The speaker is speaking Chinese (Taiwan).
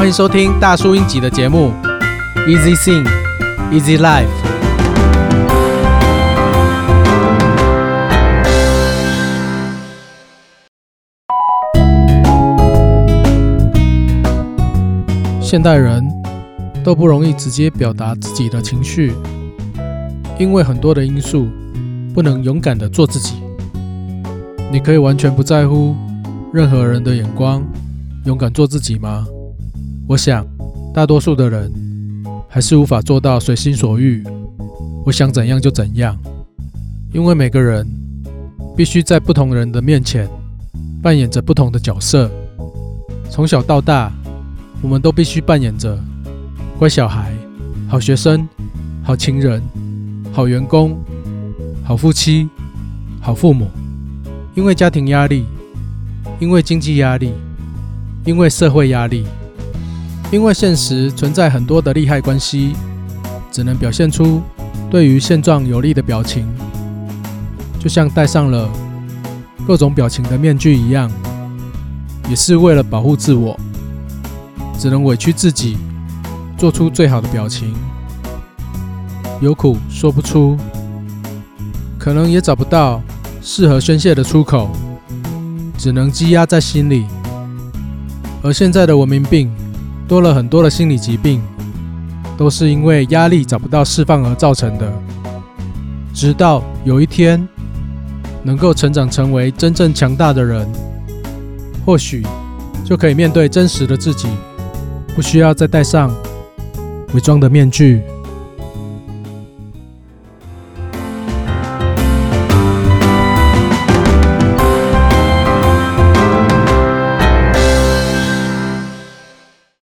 歡迎收聽大叔英吉的節目《Easy Thing Easy Life》。現代人都不容易直接表達自己的情緒，因為很多的因素不能勇敢的做自己。你可以完全不在乎任何人的眼光，勇敢做自己嗎？我想，大多數的人還是無法做到隨心所欲，我想怎樣就怎樣。因為每個人必須在不同人的面前扮演着不同的角色。從小到大，我們都必須扮演着乖小孩、好學生、好情人、好員工、好夫妻、好父母。因為家庭壓力，因為經濟壓力，因為社會壓力。因為現實存在很多的利害關係，只能表現出對於現狀有利的表情，就像戴上了各種表情的面具一樣，也是為了保護自我，只能委屈自己，做出最好的表情，有苦說不出，可能也找不到適合宣洩的出口，只能積壓在心裡。而現在的文明病。多了很多的心理疾病，都是因為壓力找不到釋放而造成的。直到有一天，能夠成長成為真正強大的人，或許就可以面對真實的自己，不需要再戴上偽裝的面具。